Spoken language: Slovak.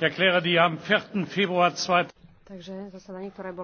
ich erkläre die am. vier februar zweitausendneunzehn